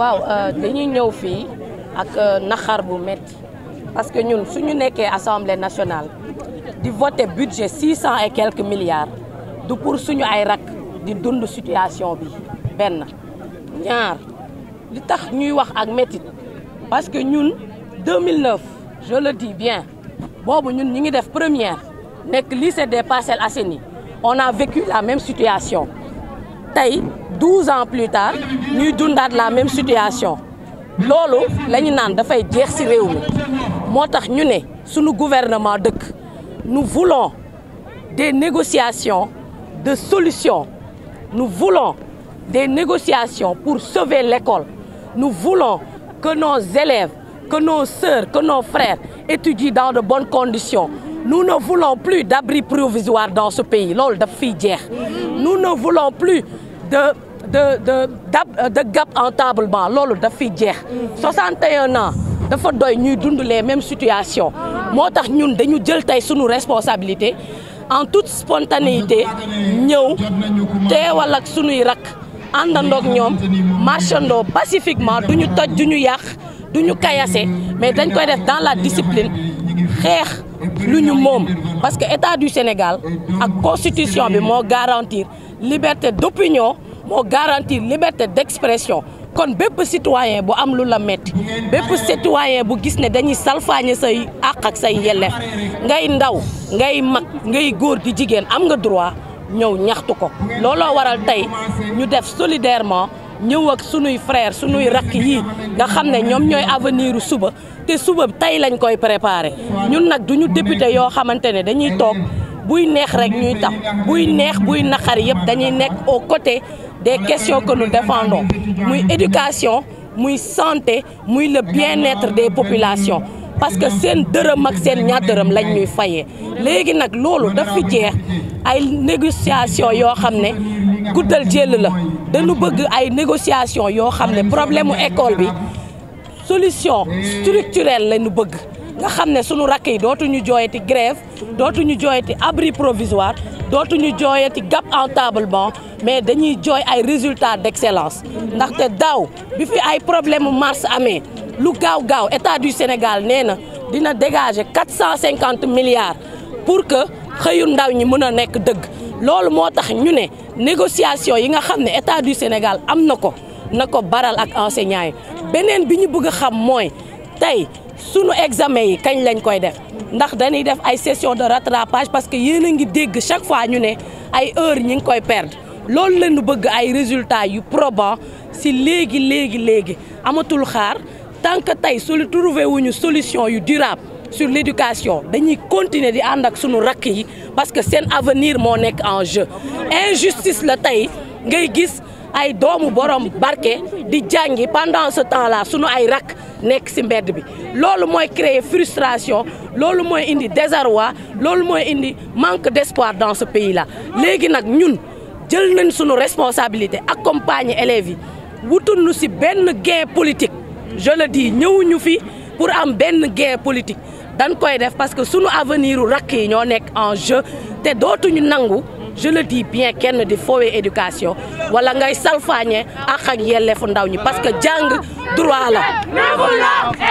waaw euh, dañuy ñëw fii ak euh, naxar bu metti parce que ñun su ñu nekkee assemblée nationale di voter budget six cent et quelques milliards du pour suñu ay rak di dund situation bi benn ñaar di tax ñuy wax ak métit parce que ñun 2009 je le dis bien boobu ñun ñi ngi def première nekk li lycée des Parcelles Assainies on a vécu la même situation tey douze ans plus tard ñuy dundaat la même situation loolu la ñu naan dafay jeex ci réew mi moo tax ñu ne suñu gouvernement dëkk nous voulons des négociations de solutions nu voulons des négociations pour sauver lekkool nu voulons que nos élèves que nos sœurs que nos frères étudient dans de bonnes conditions nous ne voulons plus d'abris provisoires dans ce pays loolu daf fiy jeex nous ne voulons plus de de de de gap en tablement loolu daf fiy jeex. 61 ans dafa doy ñuy dund les situation moo tax ñun dañu jël tey sunu responsabilité en toute spontanéité ñëw teewal ak sunuy rakk àndandoog ñoom marchandoo pacifiquement duñu toj duñu yàq duñu kayase mais dañ koy def dans la discipline xeex lu ñu moom parce que état du Sénégal ak constitution bi moo garantir liberté d'opinion moo garantir liberté d'expression kon bépp citoyen bu am lu la metti bépp citoyen bu gis ne dañuy salfaañe say àq ak say yelleef ngay ndaw ngay mag ngay góor di jigéen am nga droit ñëw ñaxtu ko looloo waral tey ñu def solidairement ñëw ak sunuy frère sunuy rakk yii nga xam ne ñoom ñooy avenir suba te suba tey lañ koy préparer ñun nag duñu député yoo xamante ne dañuy toog buy neex rek ñuy tam buy neex buy naqar yëpp dañuy nekk au côté de question que nous défendons muy éducation muy santé muy le bien-être des population parce que seen dërëm ak seen ñaar dërëm lañ ñuy fayee léegi nag loolu daf fi jeex ay négociation yoo xam ne guddal jél la dañu bëgg ay négociation yoo xam ne problème mu école bi solution structurelle la ñu bëgg nga xam ne sunu rakk yi dootuñu jooyati grève dootuñu jooyati abri provisoire dootuñu jooyati gap en table mais dañuy jooy ay résultat d'excellence ndaxte daaw bi fi ay problème mu mars amee lu gaaw gaaw état du Sénégal nee na dina dégager quatre cent cinquante milliards pour que xëyu ndaw ñi mën a nekk dëgg loolu moo tax ñu ne négociation yi nga xam ne état du Sénégal am na ko na ko baral ak enseignants yi beneen bi ñu bëgg xam mooy tey sunu examen yi kañ lañ koy def ndax dañuy def ay session de rattrapage parce que yéen a ngi dégg chaque fois ñu ne ay heures ñi ngi koy perdre loolu la ñu bëgg ay résultat yu probants si léegi léegi léegi amatul xaar tant que tey su trouvé wuñu solution yu durable sur l' éducation dañuy continuer di ànd ak sunu rakk yi parce que seen avenir moo nekk en jeu injustice la tey ngay gis ay doomu borom barke di jàngi pendant ce temps sunu ay rakk. nekk ci mbedd bi loolu mooy créer frustration loolu mooy indi désarroi loolu mooy indi manque d'espoir dans ce pays là léegi nag ñun jël nañ suñu responsabilité accompagner élèves yi wutuñu si benn gain politique je le ñëwuñu fi pour am benn gain politique dañ koy def parce que suñu avenir rakk yi ñoo nekk en jeu te dootuñu nangu je le bien kenn di foowee éducation wala ngay salfaañe ak ak yelleefu ndaw ñi parce que jàng droit la